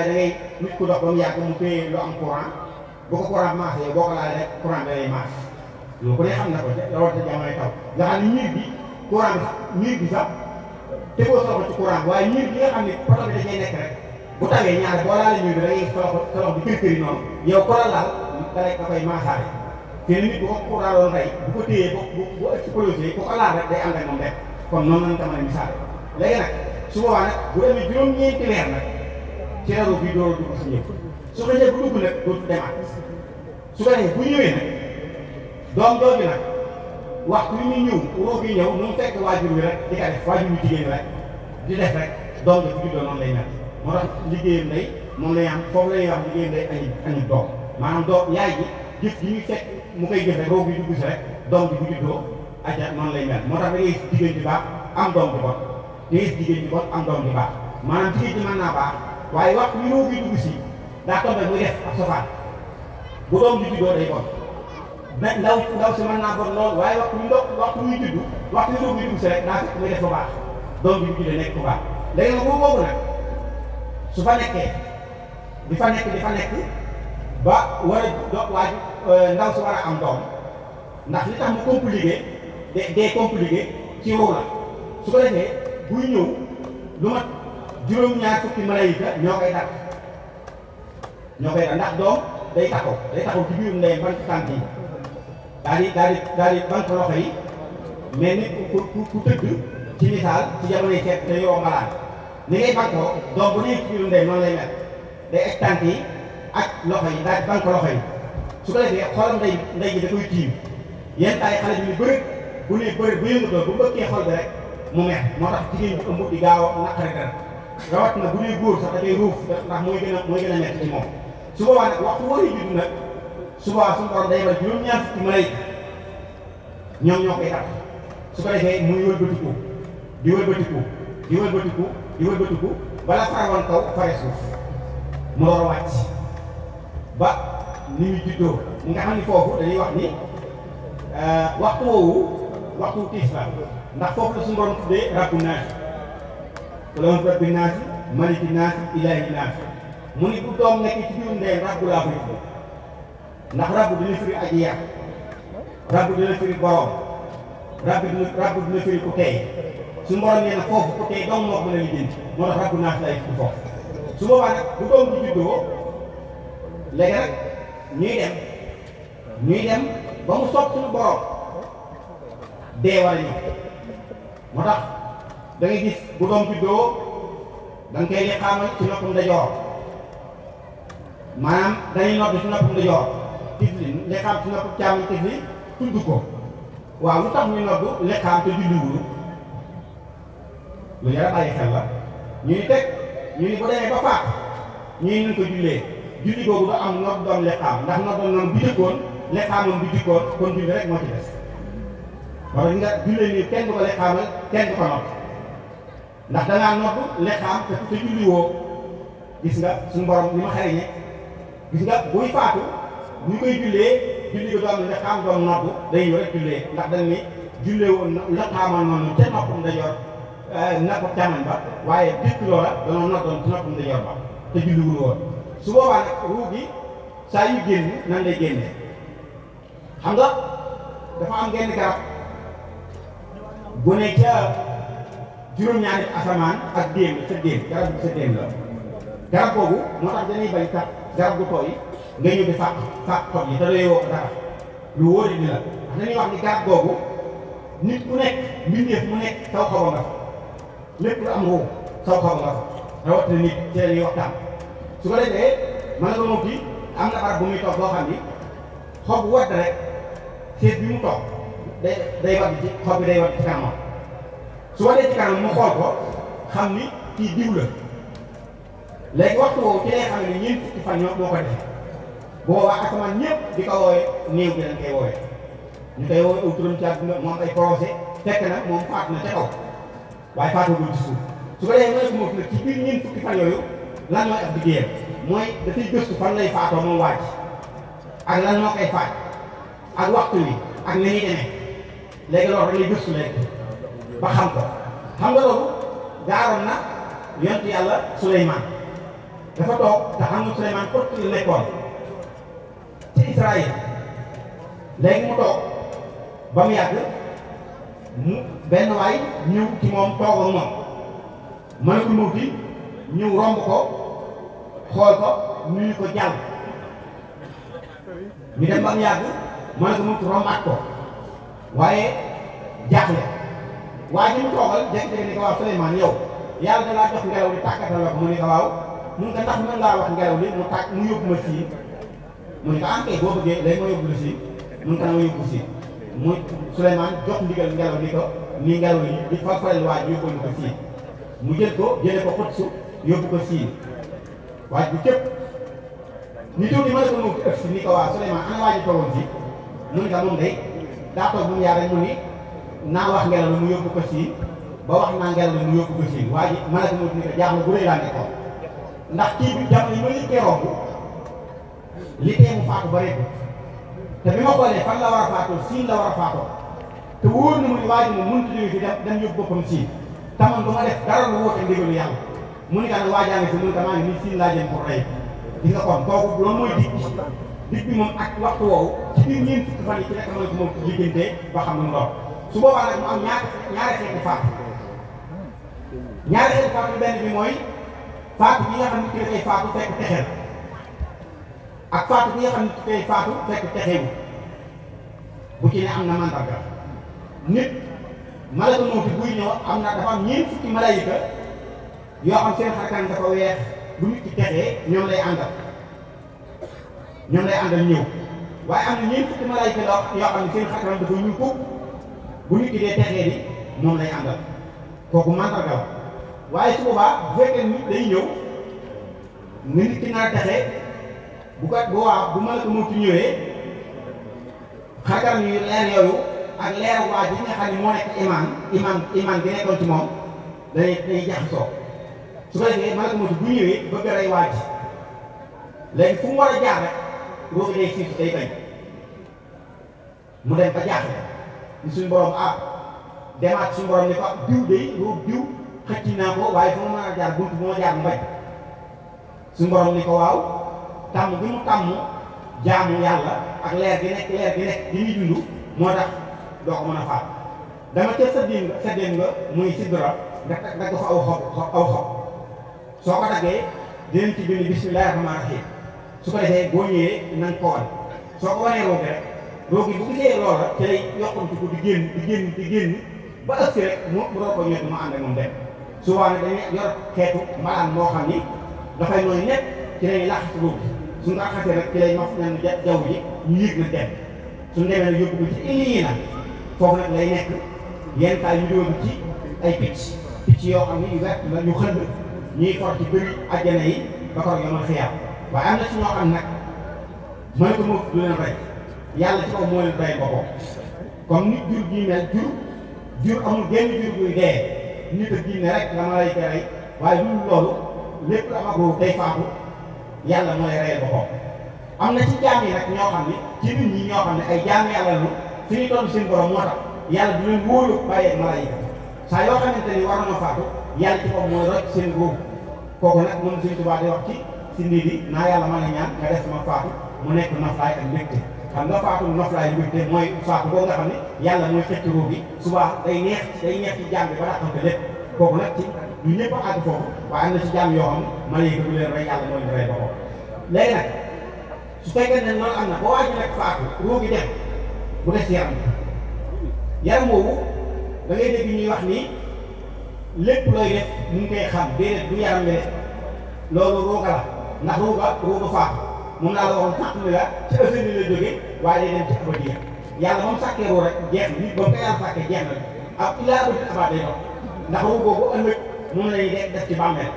laalee da ngay nit ku dox ba mu yàgg mu téye lu am courant bu ko courant maas yow boo ko laalee rek courant da lay maas loolu ku ne xam na ko rawatina jamonoy taw nga xam ne miir bi courant bi sax miir bi sax tegoo soxla ci courant waaye miir bi nga xam ne poto bi dafay nekk rek bu tawee ñaare boo laalee miir bi da ngay soxla soxla bi kër kër yi noonu yow ko la laal da lay da koy maasaale te nit bu ko courant doon rey bu ko téyee bu bu bu explosé ku ko laal rek day ànd ak moom rek kon noonu lañ ko mën a misaale léegi nag su boobaa nag bu demee juróom-ñeenti weer nag. teeru bi door a dugg si ñëw su ko ñëwee bu dugg nag dootu demaat su ko defee mu fekk waajur wi rek doom bi bu ji jëf yi muy fekk lay mel moo tax da jigéen ju baax am doom ju bon da jigéen ju bon am doom ju baax maanaam jigéen ji mën naa baax waaye waxtu wi ñoo ngi dugg si daa tombé muy def ak sofaan bu doom ji juddoo day bon ndaw ndaw si mën naa bon lool waaye waxtu wi ndox waxtu muy judd si rek daa fekk muy def bu doom bi juddee nekk bu baax nag boobu boobu nag su fa nekkee di fa nekk di fa nekk ba war a dox waaj euh, ndaw si war a am doom ndax li tax mu compliqué de day compliqué ci wow la su ko defee buy ñëw lu mat. juróom-ñaar fukki malayka ñoo koy dàq ñoo koy dàq ndax doom day taxaw day taxaw ci biir ndey banque tànk yi daal di daal di daal di banque loxo yi mais nit ku ku ku tëgg ci misaal ci jamonoy seet dañuy woo malaan ni ngay banquoo doom bu nekk ci biir ndey noonu lay mel day egg tànk yi ak loxo yi daal di banque loxo yi su ko defee xolam ndey ndey ji da koy tiim yenn taay xale bi ñu bëri bu ne bëri bu yëngatoo bu mbëkkee xol bi rek mu meex moo tax jigéen bu ëmb di gaaw a naqari dara rawat na bu ñuy góor sax da ndax mooy gën a mooy nekk ci su waxtu day ba ñaar tax su ko muy di wëlbatiku di wëlbatiku di wëlbatiku bala farawoon kaw fare suuf mu door a ba ni muy juddoo nga xam ni dañuy wax ni euh, waxtu woowu waxtu tiis ndax foofu la loolu rabbi naas maliki naas ilaahi naas mu ni bu doom nekk ci biiru ndeyam rabbu laa koy tudd ndax rabbu dina firi aji yàq rabbu dina firi borom rabbu dina rabbu dina firi ku tey su mborom nee foofu ku tey dong moo mën a lijjanti moo tax rabbu naas lay tudd foofu su boobaa nag bu doom bi juddoo léegi ñuy dem ñuy dem ba mu sopp suñu borom dee wala ñu moo tax. da gis bu doom juddoo da nga koy liqaamal ci noppam ndajoor maanaam dañuy nodd ci noppam ndajoor tifli liqaam ci noppam càmm tifli tudd ko waaw lu tax ñu nodd liqaam te julliwul lu yàlla ay xel la ñuy teg ñu ni bu demee ba faat ñuy nañ ko jullee julli googu du am nodd doom liqaam ndax nodd noonu bu jëkkoon liqaamam bu jëkkoon kon julli rek moo ci des wala nga jullee nii kenn du ko liqaamal kenn du ko nodd ndax da ngaa nodd te te gis nga suñu borom li ma xariñe gis nga buy faatu ñu koy jullee julli ga doon lexaam doon nodd day ñëw rek jullee ndax dañ ni jullee woon lexaamal noonu ca noppam dajoor na julliwul woon su boobaa nag ruu gi saa yu génn nan lay génne xam nga dafa am genn garab bu ca juróom-ñaari asamaan ak déem sa déem garab bi sa déem la garab boobu moo tax dañuy bay tax garab gu tooy nga ñëw di fàq fàq xob yi te lay woo dara lu wóori ni la ndax dañuy wax ni garab googu nit ku nekk mbindeef mu nekk saw xaw nga fa lépp lu am ruu saw xaw nga fa rawatina nit ci la ñuy su ko defee mën nga moom ci am na barab bu muy toog boo xam ni xob bu wadd rek seet bi mu toog day day wadd ci xob bi day wadd ci kanamam su ma dee ci kanam mu xool ko xam ni kii diw la léegi waxtu woowu ci lay xam ne ñeent fukki fan ñoo moo ko defee boobaa asamaan ñëpp di ko wooyee néew bi dañ koy wooyee ñu koy wooyee aw turam ci àdduna moom ay projet fekk na moom faat na ca kaw waaye faatagul ci suuf su ko dee mooy moof nag ci biir ñeent fukki fan yooyu lan mooy ab liggéeyam mooy dafay gëstu fan lay faatoo moom waaj ak lan moo koy faat ak waxtu wi ak na ñuy demee léegi loolu rek lay gëstu léegi ba xam ko xam nga loolu jaaroon na yonent yàlla Suleymaan dafa toog te am na Suleymaan kott li nekkoon ci Israël léegi mu toog ba mu yàgg mu benn waay ñëw ci moom toog moom mën ko ñëw ci ñëw romb ko xool ko nuyu ko jàll ñu dem ba mu yàgg mën na ko ñëw ci rombaat ko waaye jaaxle. waaye ñu toogal jékki-jékki ni ko waaw Souleymane yow yàlla da jox ngelaw li tàkkatal la mu ne ko waaw mu ndax mën laa wax ngelaw li mu tàkk mu yóbbu ma sii mu ne ko ah kay boo yóbbu ko ma yóbbu sii mu Souleymane jox ni ngelaw li mu a ko ëpp si ni ko waaw Souleymane ana waaj toogoon si mu ne ko moom daa toog mu yaar mu ni naa wax ngelaw li mu yóbbu ko siin ba wax naa ngelaw li mu yóbbu ko siin waaye man ak ni ko jaaxle bu rëy laa nekkoon ndax kii bi yi ma njëkkee romb li tee mu faatu ba rek te bi ma xoolee fan la war a faatoo siin la war a faatoo te wóor na mu ni waa ji moom mënut a jógee dem yóbbu boppam siin te man ma def dara lu woote ndigalu yàlla mu ni ka ne waa jaa ngi ni siin laa jëm pour rey gis nga kon kooku loolu mooy digg digg bi su boobaa nag mu am ñaar ñaari xeetu faatu ñaari xeetu faatu benn bi mooy faatu bi nga xam ne dafay faatu fekk texeel ak faatu bi nga xam ne dafay fekk texewu bu ci ne am na mandarga nit malaka moo buy ñëw am na dafa am ñeent fukki malayika yoo xam seen xarkaan dafa weex bu ñoom lay àndal ñoom lay àndal ñuul kooku. bu nit ki dee texee ni moom lay àndal kooku mandarga la waaye su boobaa bu fekkee nit day ñëw nga nit ki naa texee bu bu waa bu mën ñëwee xagar yu leer nekk imaan imaan gi nekkoon ci moom dañuy dañuy jaxasoo su ko defee mën bu ñëwee bëgg rey waa ji léegi fu mu war a jaar rek boo ko dee siif mu dem ba jaaxle li suñu borom àpp ah, demaat suñu borom ni ko diw de ruub diw xëcc naa ko waaye fu ma a jaar bunt bu ma jaar mbaj suñu borom ni ko waaw tàmm bi mu tàmm jaamu yàlla ak leer gi nekk leer gi nekk gi muy dund moo tax doo a faat dama ca sëddéen nga sëddéen nga muy sidra nga tag dagg fa aw xob aw xob soo ko daggee dinañ ci bind bismillahi rahmaani rahim su ko defee boo ñëwee na nga soo ko wanee roog rek donc bu gisee loola ca lay yokkantu ko di génn di génn di génn ba ëpp rek mu mu ko ñëw mu ànd moom dem souvent nag dañuy yor xeetu mbalaan moo xam ni dafay nooy nekk ci lay lax ci boobu suñu raxasee rek ci lay maf nañ dem suñu demee nag yóbbu ko ci indi yi nag foofu nag lay nekk yenn taay yu ñu ci ay picc picc yoo xam ne yu wert la ñu xënd ñuy for ci bëri àjjana yi ba kor nga waaye am na ci ñoo xam nag mooy ko moom du leen rey yàlla ci ko moo leen doy boppam nit jur gii mel jur jur amul genn jur buy dee nit ak ginne rek la ma lay ko rey waaye lu loolu lépp la magoo day faatu yàlla moo lay reyal am na ci jaam yi nag ñoo xam ne ci nit ñi ñoo xam ne ay jaam yàlla lu fi ñu seen borom moo tax yàlla du leen wóolu bàyyi malayka saa yoo xamante ni war na faatu yàlla ci ko mooy rocc seen góob kooku nag moom suñ tubaab di ci si nit yi naa yàlla mën a ñaan nga def xam nga faatu noflaay bi te mooy faatu boobu nga ne yàlla mooy xëcc ruux bi subaa day neex day neex ci jaam bi ba dàqante lépp kooku nag ci du ñëpp àgg foofu waaye am na ci jaam yoo xam ne malayka leen rey yàlla mooy leen rey nag su fekkee ne noonu am na ba waa ji faatu ruux gi dem bu des yaram yaram boobu da ngay dégg ñuy wax ni lépp looy def mu ngi koy xam déedéet du yaram bi loolu ruuga la ndax ruuga ruuga faatu moom naa la waxoon sàkk ni la ci ëllëg ni la jógee waaye day dem ci abadiya yàlla moom sàkkee roo rek jeex ndax wu boobu ëllëg moom lay dee def ci bàmmeel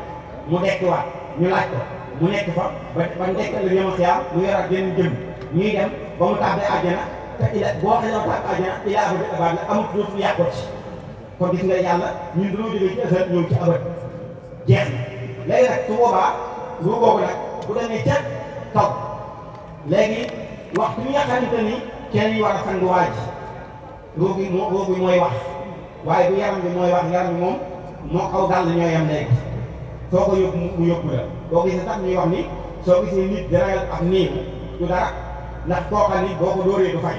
mu dekkiwaat ñu laaj ko mu nekk fa ba ba nekk ëllëg yama xiyaam mu yoraat genn jëm ñuy dem ba mu tàbbee àjjana te ila boo xëy na tàbb àjjana ilaa abadi abad la amut dootul yàqoo ci kon gis nga yàlla ñun dañoo jógee ci ëllëg ñëw ci abad jeex na léegi nag su boobaa lu boobu nag bu demee ca taw léegi waxtu bi nga xamante ni kenn yi war a sang waaj ruug bi moo ruug bi mooy wax waaye bu yaram bi mooy wax yaram bi moom moo kaw dàll ñoo yem léegi soo ko yóbbu mu yóbbu la boo gisee tax ñuy wax ni soo gisee nit di ragal ab nii du dara ndax koo xam boo ko dóoree du fay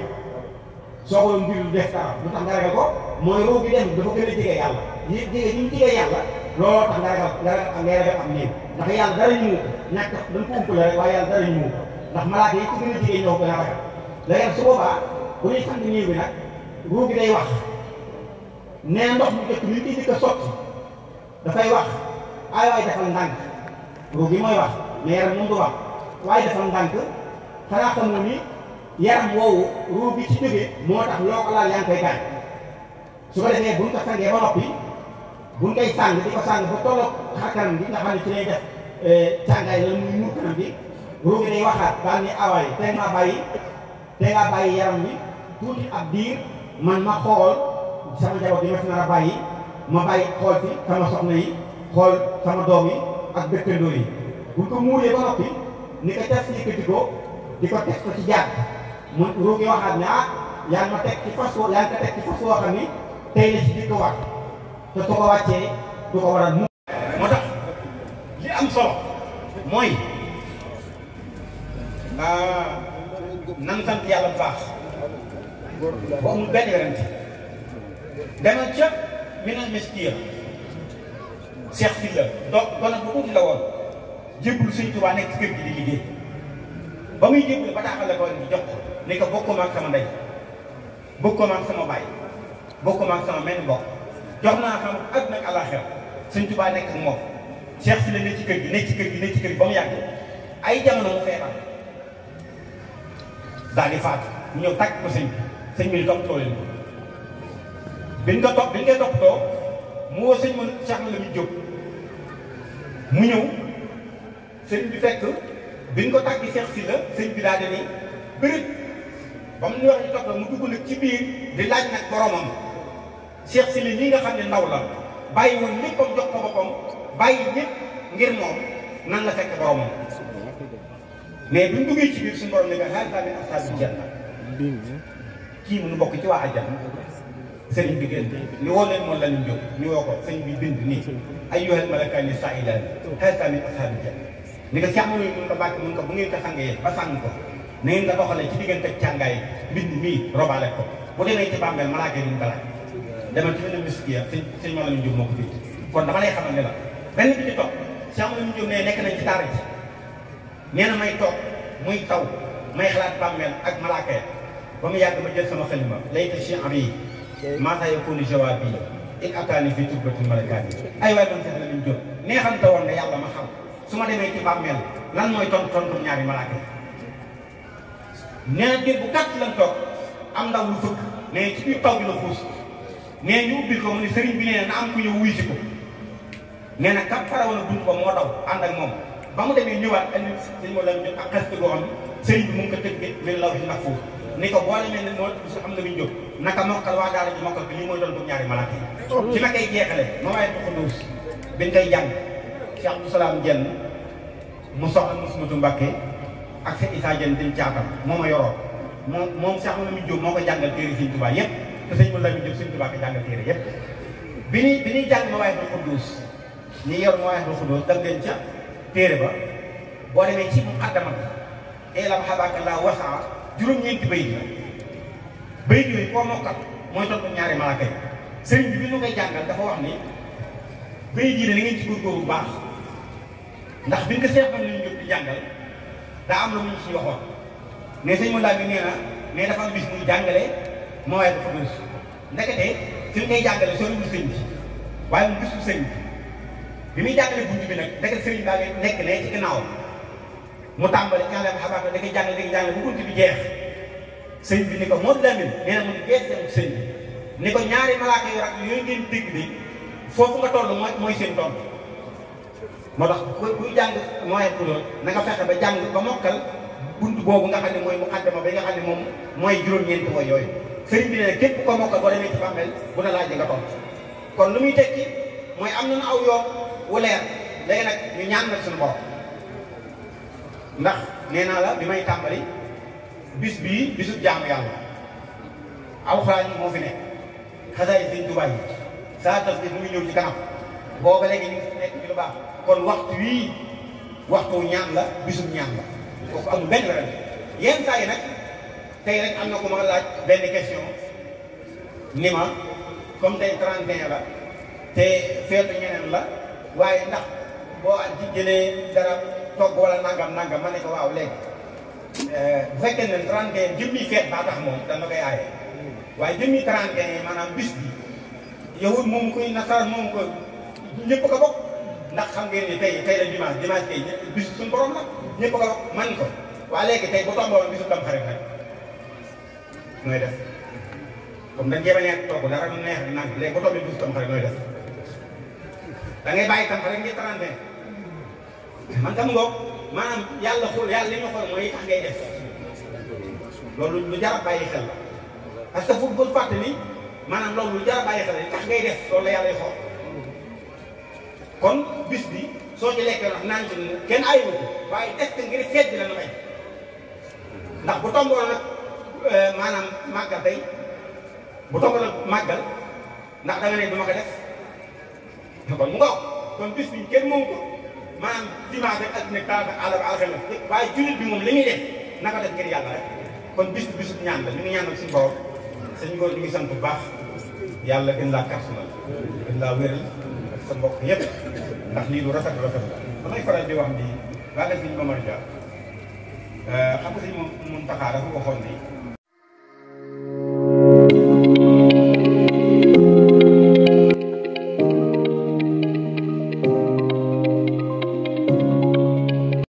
soo ko doon def dara lu tax nga ragal ko mooy ruug bi dafa gën a jege yàlla yi jege ñu jege yàlla. looloo tax nga ragal nga ragal nga ragal am néew ndax yàlla dara ñu nekk dañ ko umpale rek waaye yàlla dara ñu ndax malaaka yi ci a jigéen ñoo gën a ragal léegi su bi nag ruugi wax nee ndox mu jëkk ñu ci jëkk a sotti dafay wax ay waay defal ndànk ruug yi mooy wax mais yaram moom du wax waaye defal ndànk xanaa xamoo ni yaram woowu ruug ci jóge moo tax loo ko laal yaa ngi koy gaañ su ko defee buñ ko sangee ba noppi buñ koy sàng di ko sàng ba tolloog xarkanam bi nga xam ne ci lay def euh, càngaay la muy muur kanam bi ruugi day waxaat daal ni awaay te nga bàyyi te nga bàyyi yaram bi tuuti ab diir man ma xool sama njaboot yi ma fi nar a bàyyi ma bàyyi xool fi sama soxna yi xool sama doom yi ak dëkkandoo yi buñ ko muuree ba noppi ni ko teg yëkkati ko di ko teg ko ci jàpp mu ruugi waxaat ne ah yaa ngi ma teg ci fas woo yaa ngi ko teg ci fas woo xam ni tey la ci te su ko wàccee du ko waral mu moo tax li am solo mooy nan sant yàlla bu baax bu amul benn werante demal ca minal miskiya seex fi la donc kon nag bu tuuti la woon jébbul sëñ Tuubaa nekk ne bokkuma ak sama ndey bokkuma ak sama baay bokkuma jox naa xam ak nag àllaaxira sëñ Tuubaa nekk ak moom Cheikh si la ne ci kër gi ne ci kër gi ba mu yàgg ay jamono mu feebar daal di faatu ñu ñëw tàgg ko sëñ bi sëñ bi di toppatoo leen ko biñ ko topp biñ koy toppatoo mu woo sëñ ma Cheikh la muy jóg mu ñëw sëñ bi fekk biñ ko tàgg Cheikh si la sëñ bi daal di ni bërit ba mu ñu wax ñu topp mu dugg nag ci biir di laaj nag boromam. Cheikh Sylla nii nga xam ne ndaw la bàyyi woon léppam jox ko boppam bàyyi ñëpp ngir moom nan la fekk boromam mais buñ duggee ci biir suñu borom ne ko haadaa min kii mu nu bokk ci waa àjjana sëriñ bi gën ni woo leen moom la ñu jóg ñu woo ko sëriñ bi bind nii ayyuhal malakaani saa'ilaani haadaa min ashaabil janna ni ko sàmm yooyu mun ko bàkk mun ko bu ngeen ko sàngee ba sàng ko na ngeen nga doxalee ci diggante càngaay mbind mii robaale ko bu demee ci bàmmeel ma yi duñ ko laaj demal ci benn ministre yi ak sëñ sëñ Malamine Diop moo ko fi kon dama lay xamal ne la benn bi ci toog Cheikh Malamine ne na may toog muy taw may xalaat bàmmeel ak malaaka ya ba mu jël sama xalima layta cheikh abi nga yàlla ma xam su ma demee ci bàmmeel lan mooy tontu tontu ñaari am ndaw lu fëkk mais ci biir taw bi la xuus nee ñu ubbil ko mu ne sëriñ bi nee na na am ku ñëw wuy ko nee na kam a bunt ba moo daw ànd ak moom ba mu demee ñëwaat andi sëñ moo lañ ak xeste goo sëriñ bi mu ngi ko tëggee leen law si ni am na lu ñu jóg naka mokkal waa daara ji mokkal bi ñu mooy doon bu ñaari malaaka yi ci ma koy jeexale ma waaye ko ndous biñ koy jàng Cheikh Abdou Salaam Jenn mu soxal Moussa Mbacké ak Cheikh Issa Jenn dañ a moo ma yoroo moom moom Cheikh mu Diop moo ko jàngal téere Sëriñ Tuubaa yépp te sëñ mu lamin jëf sëñ Tuubaa ko jàngal téere yépp bi ba boo demee ci muqaddama bi elam xabaaka laa wasaa juróom la bayit yooyu koo mokkal mooy tontu ñaari malaaka yi sëriñ bi li ndax biñ ko seexal ñu jóg di jàngal daa am lu mu ñu waxoon ne sëñ mu laa bi nee dafa am bis muy jàngale moo weer Xudduus ndekete suñ koy jàngale soo wul sëñ bi waaye mu gisul sëñ bi bi muy jàngale bunt nekk ne ci ginnaaw mu tàmbali kàllaama xabaar da koy jàngale da koy jàngale bu bunt bi jeex sëñ bi ni ko moo Lamin nee na mu gees dem sëñ bi ni ko ñaari malaaka yu rak yooyu ngeen dégg bi foofu nga toll mooy mooy seen toll moo tax ku kuy jàng mooy Xudduus na nga fexe ba jàng ba mokkal bunt boobu nga xam ne mooy mu xaddama nga xam ne moom mooy juróom-ñeenti woy sëriñ bi ne képp ko mokk boo demee ci bàmmeel bu na laaj di nga tontu kon lu muy tekki mooy am nañu aw yoon wu leer léegi nag ñu ñaan nag suñu borom ndax nee naa la bi may tàmbali bis bii bisu jaamu yàlla alxuraan yi moo fi nekk xasaay sëñ Tuubaa saa tas bi mu ngi ñëw ci kanam booba léegi ñu nekk ci lu baax kon waxtu wii waxtu ñaan la bisum ñaan la kooku amul benn werante yenn saa yi nag tey rek am na ku ma laaj benn question ni ma comme tey 31 la te feetu ñeneen la waaye ndax boo ci jëlee dara togg wala nangam nangam ma ne ko waaw léegi euh, bu fekkee ne 31 jëmmi feet baa tax moom dama koy aaye waaye jëmmi 31 yi maanaam bis bi moom koy nasaraan moom ko ñëpp ko bokk ndax xam ngeen ni tey tey la dimanche dimanche tey bis suñu borom la ñëpp ko bokk man ko waaye léegi tey bu tomboon bisu tam xarit nag nooy def comme dañ cee a togg dara lu neex toog tam xarit nooy def da ngay bàyyi tam xarit ngir trente man tam ngoog maanaam yàlla xool mooy tax ngay def loolu lu jar a xel la parce que fu bul fàtte ni maanaam loolu lu jar a bàyyi xel la tax ngay def loolu la yàlla xool kon bis bi soo ci lekkee wax naan ci kenn ayiwu ko waaye def ngir fedd la nu may ndax bu tomboo nag. Euh, maanaam màggal day bu toog la màggal ndax da nga ne ko def kon kon bis bi kenn moomu ko maanaam dimanche ak àddina taal ak àll ba àll la waaye jullit bi moom li muy naka def ngir yàlla rek kon bis bisu ñaan la ñu ngi ñaanal suñu borom sëñ góor ñu ngi sant bu baax yàlla gën laa karsunal gën laa wéral ak sa mbokk yépp ndax lii lu rafet rafet la damay faral di wax ni waa def ñu ko mën a jaar xam nga si moom mun taxaa dafa waxoon ni